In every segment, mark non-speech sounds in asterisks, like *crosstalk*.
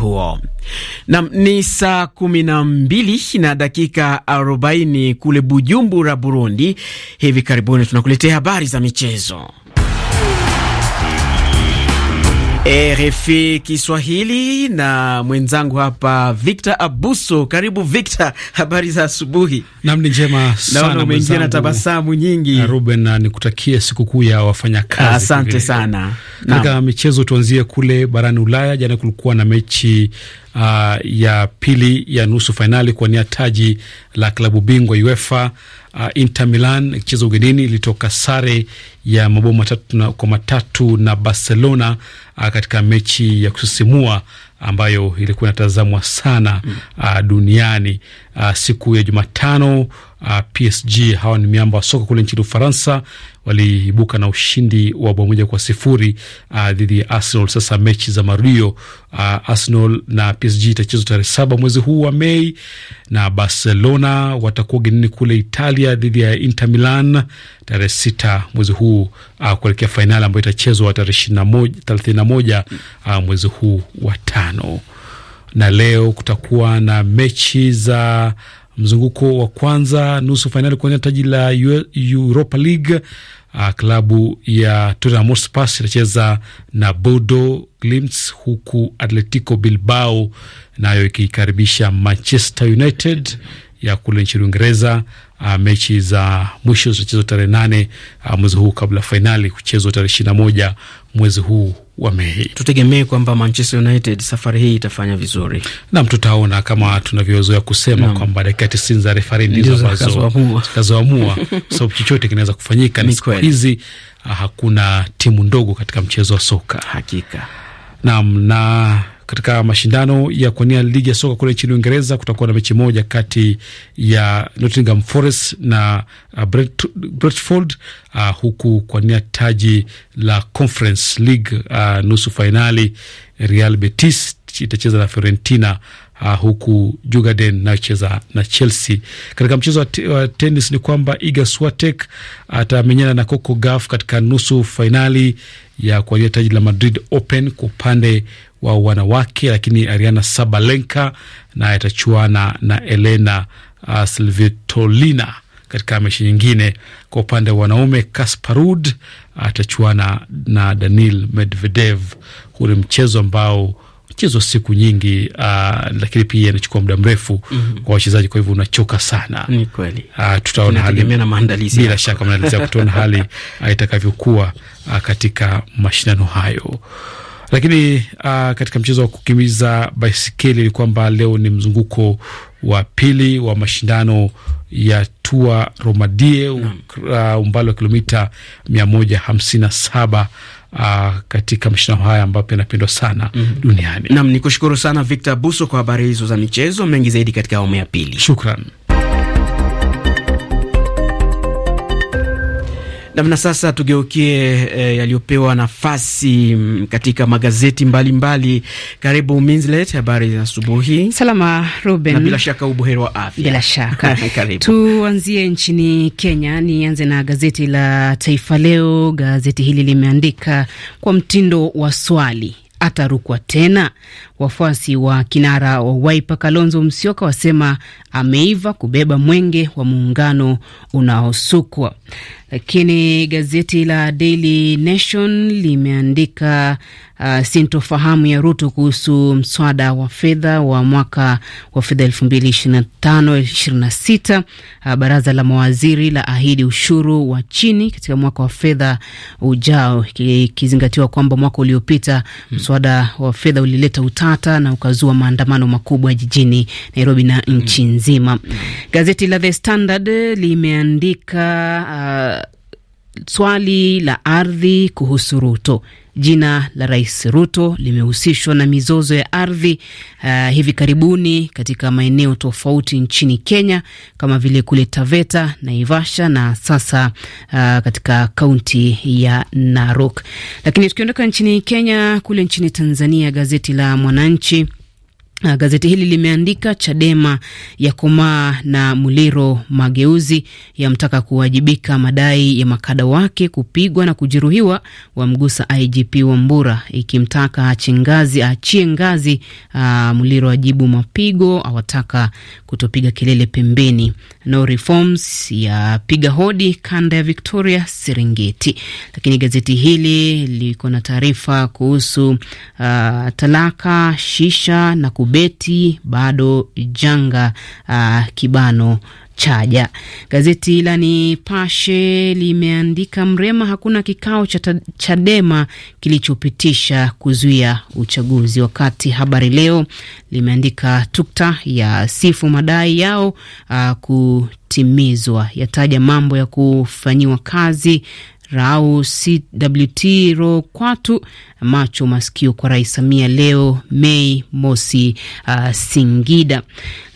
huo. Nam ni saa kumi na mbili na dakika arobaini kule Bujumbura, Burundi. Hivi karibuni tunakuletea habari za michezo. RFI Kiswahili na mwenzangu hapa Victor Abuso. Karibu Victor, habari za asubuhi. Nam ni njema sana, naona umeingia na tabasamu nyingi. Ruben, nikutakie sikukuu ya wafanyakazi. Asante sana. Katika michezo, tuanzie kule barani Ulaya. Jana kulikuwa na mechi uh, ya pili ya nusu fainali kuwania taji la klabu bingwa UEFA Uh, Inter Milan ikicheza ugenini ilitoka sare ya mabao matatu na, kwa matatu na Barcelona uh, katika mechi ya kusisimua ambayo ilikuwa inatazamwa sana mm. uh, duniani uh, siku ya Jumatano uh, ah, PSG. Hawa ni miamba wa soka kule nchini Ufaransa, waliibuka na ushindi wa bao moja kwa sifuri uh, dhidi ya Arsenal. Sasa mechi za marudio uh, Arsenal na PSG itachezwa tarehe saba mwezi huu wa Mei, na Barcelona watakuwa ugenini kule Italia dhidi ya Inter Milan tarehe sita mwezi huu uh, kuelekea fainali ambayo itachezwa tarehe na moja thelathini na moja uh, mwezi huu wa tano na leo kutakuwa na mechi za mzunguko wa kwanza nusu fainali kuania taji la Europa League. Uh, klabu ya Tottenham Hotspur itacheza na Bodo Glimt, huku Atletico Bilbao nayo ikiikaribisha Manchester United ya kule nchini Uingereza uh, mechi za mwisho zitachezwa tarehe nane uh, mwezi huu kabla fainali kuchezwa tarehe ishirini na moja mwezi huu wa Mei. Tutegemee kwamba Manchester United safari hii itafanya vizuri. Naam, tutaona kama tunavyozoea kusema kwamba dakika tisini za refari ndizo zitakazoamua, *laughs* kwa sababu chochote kinaweza kufanyika. Ni siku hizi uh, hakuna timu ndogo katika mchezo wa soka hakika. Naam na katika mashindano ya kuania ligi ya soka kule nchini Uingereza kutakuwa na mechi moja kati ya Nottingham Forest na uh, Brentford uh, huku kuania taji la Conference League uh, nusu fainali Real Betis itacheza na Fiorentina uh, huku Jugaden nayocheza na Chelsea. Katika mchezo wa, te, wa tenis ni kwamba Iga Swiatek atamenyana na Coco Gauff katika nusu fainali ya kuania taji la Madrid Open kwa upande wa wanawake, lakini Ariana Sabalenka na atachuana na Elena uh, Svitolina katika mechi nyingine. Kwa upande wa wanaume, Kasparud atachuana na Daniil Medvedev. Huu ni mchezo ambao mchezo siku nyingi uh, lakini pia inachukua muda mrefu mm -hmm. kwa wachezaji, kwa hivyo unachoka sana. Ni kweli uh, tutaona hali bila shaka maandalizi ya kutuona hali uh, *laughs* itakavyokuwa uh, katika mashindano hayo. Lakini uh, katika mchezo wa kukimbiza baisikeli ni kwamba leo ni mzunguko wa pili wa mashindano ya Tua Romadie, um, ah, umbali wa kilomita 157 uh, ah, katika mashindano haya ambayo pia yanapendwa sana mm -hmm. duniani. Nam ni kushukuru sana Victor Buso kwa habari hizo za michezo mengi zaidi katika awamu ya pili. Shukran. Namna sasa, tugeukie e, yaliyopewa nafasi mm, katika magazeti mbalimbali mbali. Karibu Minslet, habari za asubuhi. Salama Ruben, na bila shaka ubuheri wa afya. Bila shaka *laughs* tuanzie nchini Kenya. Nianze na gazeti la Taifa Leo. Gazeti hili limeandika kwa mtindo wa swali atarukwa tena. Wafuasi wa kinara wa Wiper Kalonzo Musyoka wasema ameiva kubeba mwenge wa muungano unaosukwa. Lakini gazeti la Daily Nation limeandika uh, sintofahamu ya Ruto kuhusu mswada wa fedha wa mwaka wa fedha 2025/26. Uh, baraza la mawaziri la ahidi ushuru wa chini katika mwaka wa fedha ujao, ikizingatiwa kwamba mwaka uliopita hmm. mswada wa fedha ulileta utano ulikamata na ukazua maandamano makubwa jijini Nairobi na nchi mm. nzima. Mm. Gazeti la The Standard limeandika uh, swali la ardhi kuhusu Ruto. Jina la Rais Ruto limehusishwa na mizozo ya ardhi uh, hivi karibuni katika maeneo tofauti nchini Kenya kama vile kule Taveta, Naivasha na sasa uh, katika kaunti ya Narok. Lakini tukiondoka nchini Kenya, kule nchini Tanzania, gazeti la Mwananchi Ah, gazeti hili limeandika Chadema ya komaa na Muliro mageuzi ya mtaka kuwajibika madai ya makada wake kupigwa na kujeruhiwa, wamgusa IGP wa Mbura, ikimtaka achie ngazi achie ngazi. Ah, Muliro ajibu mapigo, awataka kutopiga kelele pembeni. No reforms ya piga hodi kanda ya Victoria, Serengeti. Lakini gazeti hili liko na taarifa kuhusu uh, talaka, shisha na kubi beti bado janga uh, kibano chaja. Gazeti la Nipashe limeandika Mrema, hakuna kikao cha Chadema kilichopitisha kuzuia uchaguzi, wakati Habari Leo limeandika tukta ya sifu madai yao uh, kutimizwa, yataja mambo ya kufanyiwa kazi Rau CWT ro kwatu macho masikio kwa Rais Samia leo Mei mosi uh, Singida.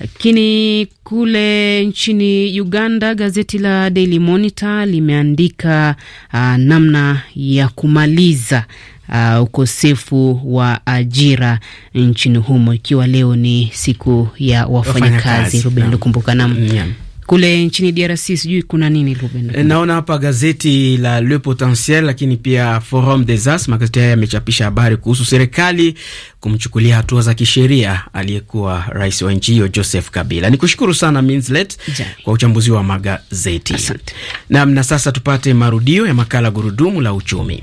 Lakini kule nchini Uganda gazeti la Daily Monitor limeandika uh, namna ya kumaliza Uh, ukosefu wa ajira nchini humo ikiwa leo ni siku ya wafanyakazi. Ruben, kumbuka nam kule nchini DRC sijui kuna nini Ruben? Eh, naona hapa gazeti la Le Potentiel, lakini pia Forum des As, magazeti haya yamechapisha habari kuhusu serikali kumchukulia hatua za kisheria aliyekuwa rais wa nchi hiyo Joseph Kabila. Ni kushukuru sana Minslet kwa uchambuzi wa magazeti. nam Naam, na sasa tupate marudio ya makala Gurudumu la Uchumi.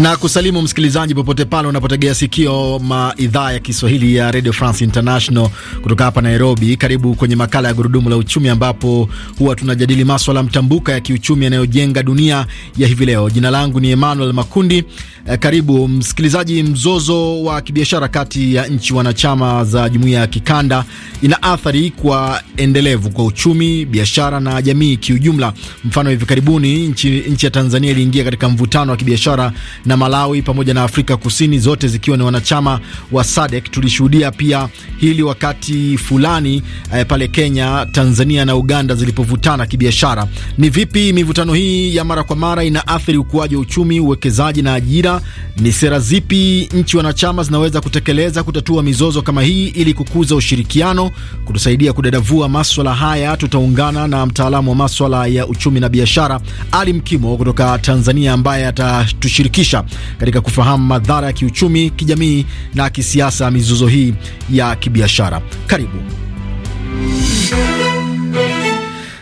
na kusalimu msikilizaji popote pale unapotegea sikio maidhaa ya Kiswahili ya Radio France International kutoka hapa Nairobi. Karibu kwenye makala ya gurudumu la uchumi, ambapo huwa tunajadili maswala mtambuka ya kiuchumi yanayojenga dunia ya hivi leo. Jina langu ni Emmanuel Makundi. Eh, karibu msikilizaji. Mzozo wa kibiashara kati ya nchi wanachama za jumuiya ya kikanda ina athari kwa endelevu kwa uchumi, biashara na jamii kiujumla. Mfano, hivi karibuni nchi, nchi ya Tanzania iliingia katika mvutano wa kibiashara na Malawi pamoja na Afrika Kusini, zote zikiwa ni wanachama wa SADC. Tulishuhudia pia hili wakati fulani eh, pale Kenya, Tanzania na Uganda zilipovutana kibiashara. Ni vipi mivutano hii ya mara kwa mara inaathiri ukuaji wa uchumi, uwekezaji na ajira? Ni sera zipi nchi wanachama zinaweza kutekeleza kutatua mizozo kama hii ili kukuza ushirikiano? Kutusaidia kudadavua maswala haya, tutaungana na mtaalamu wa maswala ya uchumi na biashara Ali Mkimo kutoka Tanzania ambaye atatushirikisha kushirikisha katika kufahamu madhara ya kiuchumi, kijamii na kisiasa ya mizozo hii ya kibiashara. Karibu.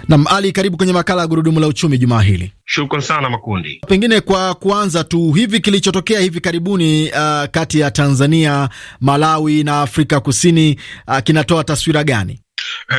Nam Ali, karibu kwenye makala ya gurudumu la uchumi jumaa hili. Shukran sana Makundi. Pengine kwa kuanza tu, hivi kilichotokea hivi karibuni uh, kati ya Tanzania, Malawi na Afrika Kusini uh, kinatoa taswira gani?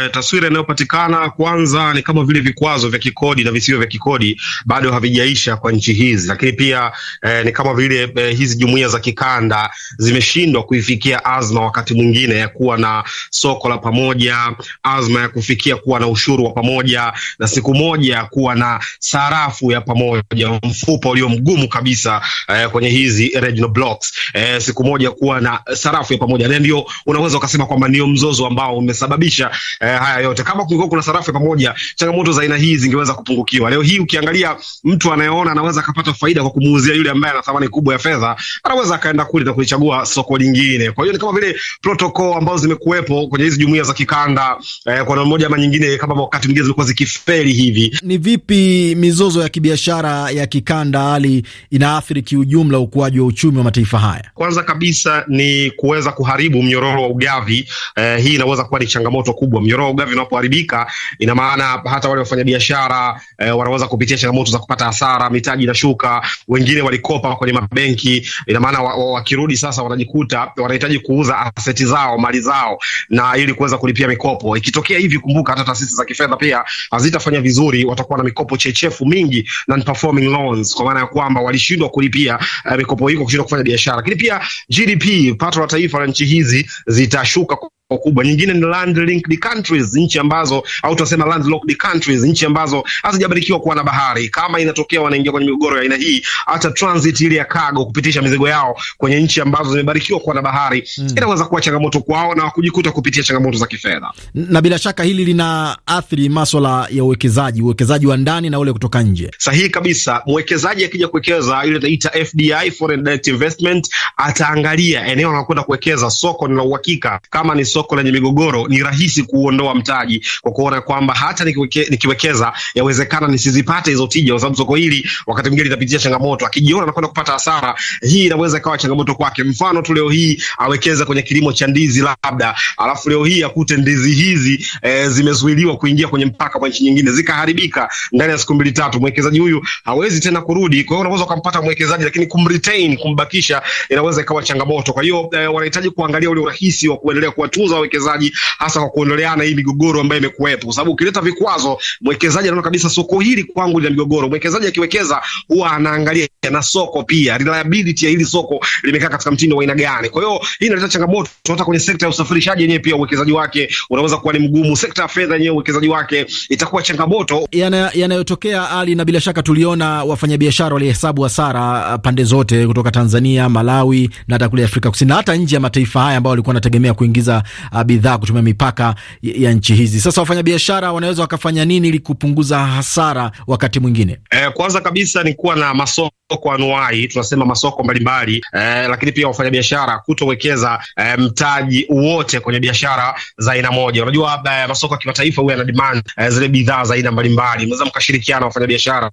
E, taswira inayopatikana kwanza ni kama vile vikwazo vya kikodi na visivyo vya kikodi bado havijaisha kwa nchi hizi, lakini pia e, ni kama vile e, hizi jumuiya za kikanda zimeshindwa kuifikia azma wakati mwingine ya kuwa na soko la pamoja, azma ya kufikia kuwa na ushuru wa pamoja, na siku moja kuwa na sarafu ya pamoja, mfupa ulio mgumu kabisa e, kwenye hizi regional blocks e, siku moja kuwa na sarafu ya pamoja, na ndio unaweza ukasema kwamba ndio mzozo ambao umesababisha eh, haya yote. Kama kungekuwa kuna sarafu pamoja, changamoto za aina hii zingeweza kupungukiwa. Leo hii ukiangalia, mtu anayeona anaweza akapata faida kwa kumuuzia yule ambaye ana thamani kubwa ya fedha, anaweza akaenda kule na kulichagua soko lingine. Kwa hiyo ni kama vile protokol ambazo zimekuwepo kwenye hizi jumuiya za kikanda eh, kwa namna moja ama nyingine, kama wakati mwingine zimekuwa zikifeli hivi. Ni vipi mizozo ya kibiashara ya kikanda hali inaathiri kiujumla ukuaji wa uchumi wa mataifa haya? Kwanza kabisa ni kuweza kuharibu mnyororo wa ugavi. Eh, hii inaweza kuwa ni changamoto makubwa. Mnyororo wa ugavi unapoharibika, ina maana hata wale wafanyabiashara e, wanaweza kupitia changamoto za kupata hasara, mitaji inashuka, wengine walikopa kwenye mabenki, ina maana wakirudi wa, wa sasa wanajikuta wanahitaji kuuza aseti zao, mali zao, na ili kuweza kulipia mikopo. Ikitokea hivi, kumbuka hata taasisi za kifedha pia hazitafanya vizuri, watakuwa na mikopo chechefu mingi, non performing loans, kwa maana ya kwamba walishindwa kulipia e, mikopo hiyo, kushindwa kufanya biashara. Lakini pia GDP, pato la taifa la nchi hizi zitashuka kwa kubwa. Nyingine ni linked countries, nchi ambazo au tunasema locked countries, nchi ambazo hazijabarikiwa kuwa na bahari. Kama inatokea wanaingia kwenye migogoro ya aina hii, hata transit ile ya cargo kupitisha mizigo yao kwenye nchi ambazo zimebarikiwa kuwa na bahari hmm, inaweza kuwa changamoto kwao na kujikuta kupitia changamoto za kifedha, na bila shaka hili lina athiri masuala ya uwekezaji, uwekezaji wa ndani na ule kutoka nje. Sahihi kabisa. Mwekezaji akija kuwekeza ile inaita FDI, foreign direct investment, ataangalia eneo anakwenda kuwekeza, soko lina uhakika kama ni soko soko lenye migogoro, ni rahisi kuondoa mtaji kwa kuona kwamba hata nikiweke, nikiwekeza yawezekana nisizipate hizo tija, kwa sababu soko hili wakati mwingine litapitia changamoto. Akijiona anakwenda kupata hasara, hii inaweza ikawa changamoto kwake. Mfano tu leo hii awekeza kwenye kilimo cha ndizi labda, alafu leo hii akute ndizi hizi e, zimezuiliwa kuingia kwenye mpaka kwa nchi nyingine, zikaharibika ndani ya siku mbili tatu, mwekezaji huyu hawezi tena kurudi. Kwa hiyo unaweza ukampata mwekezaji, lakini kumretain, kumbakisha inaweza ikawa changamoto. Kwa hiyo e, wanahitaji kuangalia ule urahisi wa kuendelea kuwatunza kukuza wawekezaji, hasa kwa kuondoleana hii migogoro ambayo imekuwepo, kwa sababu ukileta vikwazo, mwekezaji anaona kabisa soko hili kwangu lina migogoro. Mwekezaji akiwekeza huwa anaangalia na soko pia, reliability ya hili soko limekaa katika mtindo wa aina gani. Kwa hiyo hii inaleta changamoto hata kwenye sekta ya usafirishaji yenyewe, pia uwekezaji wake unaweza kuwa ni mgumu. Sekta ya fedha yenyewe uwekezaji wake itakuwa changamoto yanayotokea yana ali, na bila shaka tuliona wafanyabiashara walihesabu hasara uh, pande zote kutoka Tanzania, Malawi na hata kule Afrika Kusini na hata nje ya mataifa haya ambao walikuwa wanategemea kuingiza uh, bidhaa kutumia mipaka ya nchi hizi. Sasa wafanyabiashara wanaweza wakafanya nini ili kupunguza hasara wakati mwingine? Eh, kwanza kabisa ni kuwa na masoko masoko anuwai, tunasema masoko mbalimbali eh, lakini pia wafanyabiashara kutowekeza eh, mtaji wote kwenye biashara za aina moja. Unajua eh, masoko ya kimataifa huwa yana demand eh, zile bidhaa za aina mbalimbali, mnaweza mkashirikiana wafanyabiashara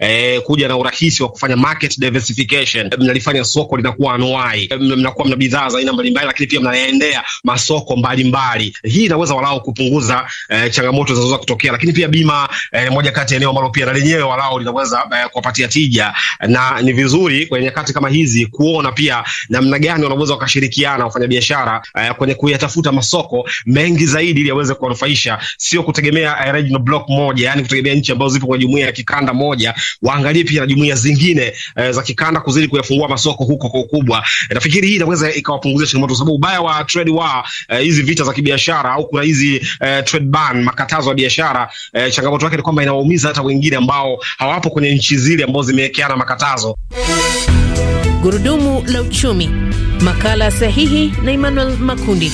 eh, kuja na urahisi wa kufanya market diversification, eh, mnalifanya soko linakuwa anuai, eh, mnakuwa mna bidhaa za aina mbalimbali, lakini pia mnaendea masoko mbalimbali. Hii inaweza walao kupunguza eh, changamoto zinazoweza kutokea, lakini pia bima eh, moja kati ya eneo ambalo pia na lenyewe walao linaweza eh, kuwapatia tija eh, na ni vizuri kwenye nyakati kama hizi kuona pia namna gani wanaweza wakashirikiana wafanyabiashara uh, kwenye kuyatafuta masoko mengi zaidi ili yaweze kuwanufaisha, sio kutegemea uh, regional block moja, yani kutegemea nchi ambazo zipo kwenye jumuiya ya kikanda moja. Waangalie pia na jumuiya zingine uh, za kikanda kuzidi kuyafungua masoko huko kwa ukubwa. Nafikiri hii inaweza ikawapunguzia changamoto, sababu ubaya wa trade war hizi uh, vita za kibiashara au kuna hizi uh, trade ban, makatazo ya biashara uh, changamoto yake ni kwamba inawaumiza hata wengine ambao hawapo kwenye nchi zile ambazo zimewekeana makatazo zifuatazo. Gurudumu la uchumi, makala sahihi na Emmanuel Makundi.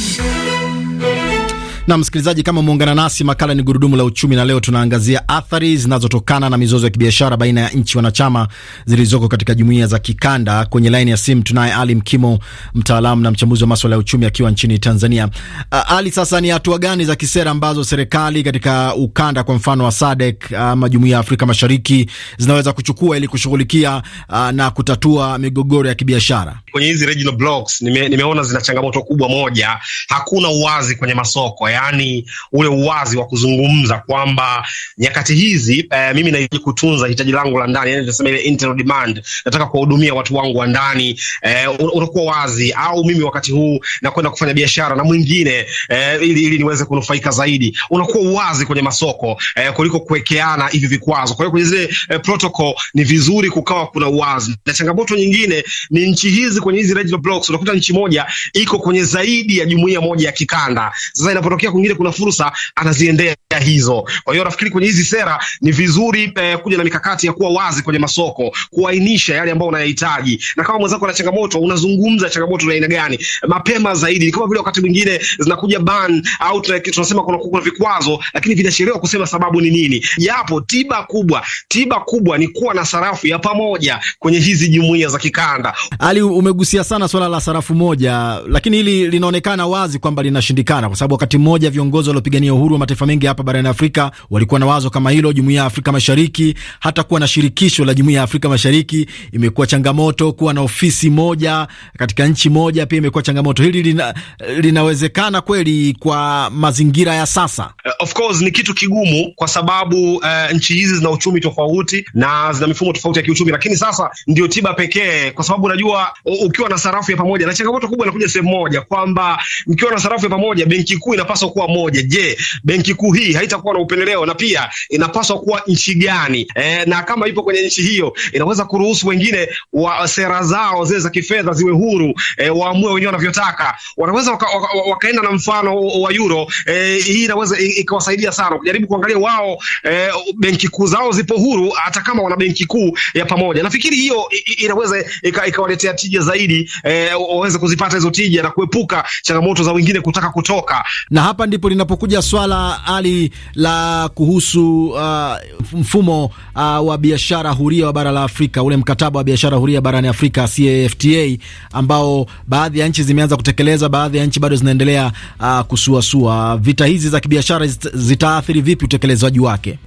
Na msikilizaji, kama umeungana nasi, makala ni gurudumu la uchumi, na leo tunaangazia athari zinazotokana na mizozo ya kibiashara baina ya nchi wanachama zilizoko katika jumuiya za kikanda. Kwenye laini ya simu tunaye Ali Mkimo, mtaalamu na mchambuzi wa maswala ya uchumi akiwa nchini Tanzania. Uh, Ali, sasa ni hatua gani za kisera ambazo serikali katika ukanda, kwa mfano wa SADC ama uh, jumuiya ya Afrika Mashariki zinaweza kuchukua ili kushughulikia uh, na kutatua migogoro ya kibiashara? kwenye hizi regional blocks nime, nimeona zina changamoto kubwa. Moja, hakuna uwazi kwenye masoko, yaani ule uwazi wa kuzungumza kwamba nyakati hizi eh, mimi nahitaji kutunza hitaji langu la ndani, yani tunasema ile internal demand, nataka kuwahudumia watu wangu wa ndani eh, unakuwa wazi, au mimi wakati huu nakwenda kufanya biashara na mwingine eh, ili, ili niweze kunufaika zaidi. Unakuwa uwazi kwenye masoko eh, kuliko kuwekeana hivi vikwazo. Kwa hiyo kwenye zile eh, protocol ni vizuri kukawa kuna uwazi, na changamoto nyingine ni nchi hizi kwenye hizi regional blocks, unakuta nchi moja iko kwenye zaidi ya jumuiya moja ya kikanda. Sasa inapotokea kwingine kuna fursa, anaziendea hizo. Kwa hiyo nafikiri kwenye hizi sera ni vizuri eh, kuja na mikakati ya kuwa wazi kwenye masoko, kuainisha yale ambayo unayahitaji, na kama mwenzako ana changamoto, unazungumza changamoto na aina gani mapema zaidi. Ni kama vile wakati mwingine zinakuja ban au tunasema kuna, kuna vikwazo, lakini vinachelewa kusema sababu ni nini, japo tiba kubwa, tiba kubwa ni kuwa na sarafu ya pamoja kwenye hizi jumuiya za kikanda. Ali, umegusia sana swala la sarafu moja, lakini hili linaonekana wazi kwamba linashindikana, kwa sababu wakati mmoja viongozi waliopigania uhuru wa mataifa mengi hapa barani Afrika walikuwa na wazo kama hilo. Jumuiya ya Afrika Mashariki, hata kuwa na shirikisho la Jumuiya ya Afrika Mashariki imekuwa changamoto. Kuwa na ofisi moja katika nchi moja pia imekuwa changamoto. Hili lina, linawezekana kweli kwa mazingira ya sasa? Eh, of course ni kitu kigumu kwa sababu uh, nchi hizi zina uchumi tofauti na zina mifumo tofauti ya kiuchumi, lakini sasa ndio tiba pekee, kwa sababu unajua ukiwa na sarafu ya pamoja, na changamoto kubwa inakuja sehemu moja kwamba mkiwa na sarafu ya pamoja, benki kuu inapaswa kuwa moja. Je, benki kuu hii hii haitakuwa na upendeleo, na pia inapaswa kuwa nchi gani e, na kama ipo kwenye nchi hiyo inaweza kuruhusu wengine wa sera zao zile za kifedha ziwe huru e, waamue wenyewe wanavyotaka. Wanaweza waka, waka, wakaenda na mfano wa euro e, hii inaweza ikawasaidia sana kujaribu kuangalia wao e, benki kuu zao zipo huru, hata kama wana benki kuu ya pamoja. Nafikiri hiyo inaweza ikawaletea tija zaidi e, waweze kuzipata hizo tija na kuepuka changamoto za wengine kutaka kutoka, na hapa ndipo linapokuja swala ali hili la kuhusu uh, mfumo uh, wa biashara huria wa bara la Afrika, ule mkataba wa biashara huria barani Afrika CAFTA, ambao baadhi ya nchi zimeanza kutekeleza, baadhi ya nchi bado zinaendelea uh, kusuasua. Vita hizi za kibiashara zitaathiri vipi utekelezaji wake?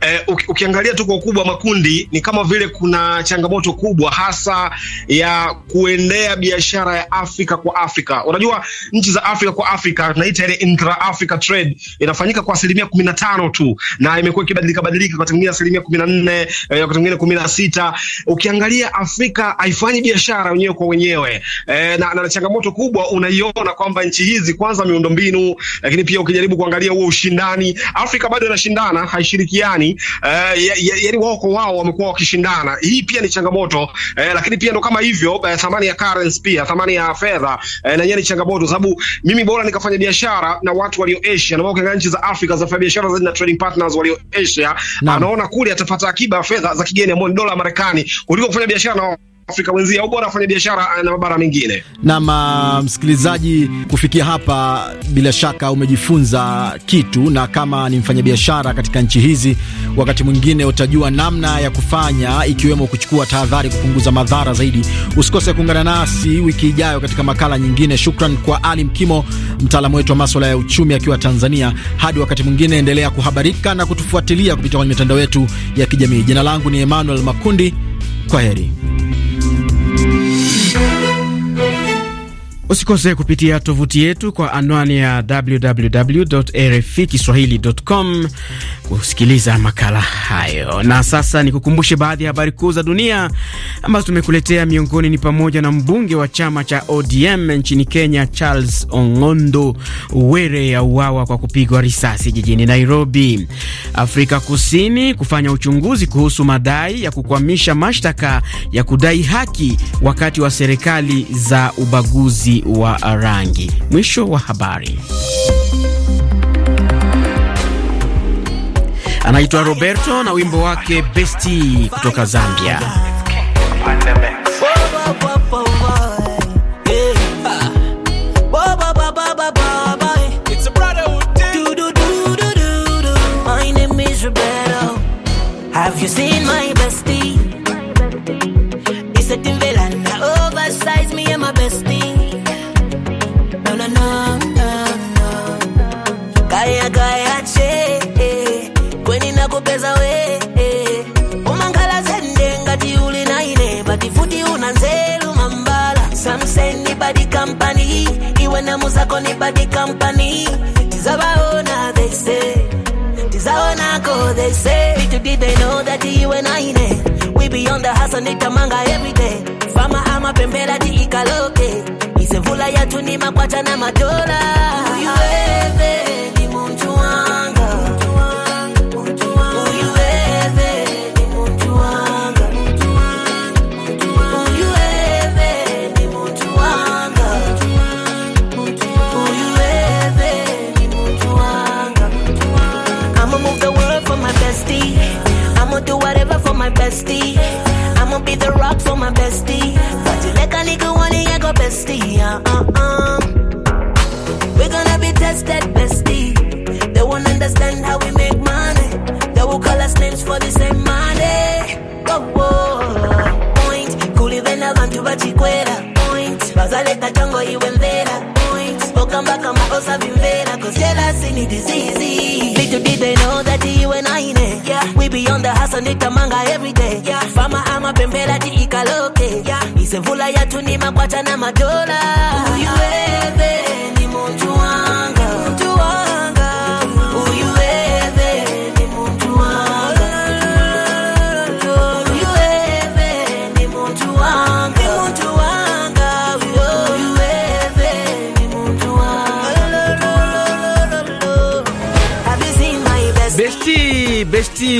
eh, ukiangalia tu kwa ukubwa makundi ni kama vile kuna changamoto kubwa hasa ya kuendea biashara ya Afrika kwa Afrika. Unajua nchi za Afrika kwa Afrika tunaita ile intra Africa trade inafanyika kwa asilimia kumi na tano tu, na imekuwa ikibadilika badilika, wakati mwingine asilimia kumi na nne eh, wakati mwingine kumi na sita Ukiangalia Afrika haifanyi biashara wenyewe kwa wenyewe eh, na, na changamoto kubwa unaiona kwamba nchi hizi kwanza miundombinu, lakini pia ukijaribu kuangalia huo ushindani, Afrika bado inashindana, haishirikiani fulani uh, eh, yani wao kwa wao wamekuwa wakishindana. Hii pia ni changamoto eh, lakini pia ndo kama hivyo eh, thamani ya currency pia thamani ya fedha eh, na yeye ni changamoto, sababu mimi bora nikafanya biashara na watu walio Asia, na kwa nchi za Afrika zinafanya biashara zaidi na trading partners walio Asia, anaona kule atapata akiba ya fedha za kigeni ambayo ni dola Marekani kuliko kufanya biashara na Afrika mwenzia huko bora biashara na mabara mengine. Na ah, msikilizaji, kufikia hapa, bila shaka umejifunza kitu, na kama ni mfanyabiashara katika nchi hizi, wakati mwingine utajua namna ya kufanya, ikiwemo kuchukua tahadhari, kupunguza madhara zaidi. Usikose kuungana nasi wiki ijayo katika makala nyingine. Shukran kwa Ali Mkimo, mtaalamu wetu wa masuala ya uchumi akiwa Tanzania. Hadi wakati mwingine, endelea kuhabarika na kutufuatilia kupitia kwenye mitandao yetu ya kijamii. Jina langu ni Emmanuel Makundi. Kwa heri. Usikose kupitia tovuti yetu kwa anwani ya www.rfi kiswahili.com kusikiliza makala hayo. Na sasa nikukumbushe baadhi ya habari kuu za dunia ambazo tumekuletea. Miongoni ni pamoja na mbunge wa chama cha ODM nchini Kenya, Charles Ong'ondo Were auawa kwa kupigwa risasi jijini Nairobi. Afrika Kusini kufanya uchunguzi kuhusu madai ya kukwamisha mashtaka ya kudai haki wakati wa serikali za ubaguzi ubaguzi wa rangi. Mwisho wa habari. Anaitwa Roberto na wimbo wake Besti kutoka Zambia. damu zako ni bad company tizabaona they say go they say little did they know that you and I ne we be on the hustle nitamanga every day fama ama pembela di ikaloke isevula yatu ni makwata na matola uiweze ni mtu wangu bestie. I'ma be the rock for my bestie. But you like a little one, I go bestie. Uh, uh, uh. We're gonna be tested, bestie. They won't understand how we make money. They will call us names for the same money. Oh, oh. Point, kulivena vantu vachikwera. Point, vazaleta chango iwe mbera. Point, spoka mpaka makosa vimvera. Cause jealousy ni disease. Today they know that you and I need. Yeah. We be on the hustle nikamanga every day. Yeah. Fama ama pembela ti ikaloke. Yeah. Isevula ya tuni makwata na madola. Uiweze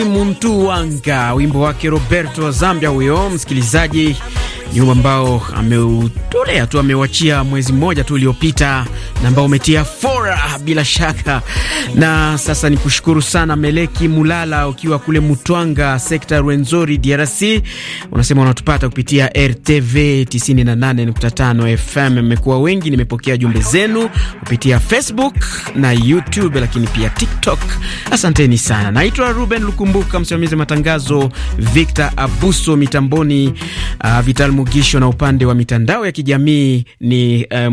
Muntu Wanga, wimbo wake Roberto wa Zambia huyo msikilizaji ni nyuma ambao ameutolea tu, amewachia mwezi mmoja tu uliopita, na ambao umetia fora bila shaka. Na sasa ni kushukuru sana Meleki Mulala, ukiwa kule Mutwanga sekta Rwenzori, DRC. Unasema unatupata kupitia RTV 98.5 FM. Mmekuwa wengi, nimepokea jumbe zenu kupitia Facebook na YouTube, lakini pia TikTok. Asanteni sana. Naitwa Ruben Lukumbuka, msimamizi wa matangazo Victor Abuso, mitamboni uh, Vitalmu Mugisho. Na upande wa mitandao ya kijamii ni uh,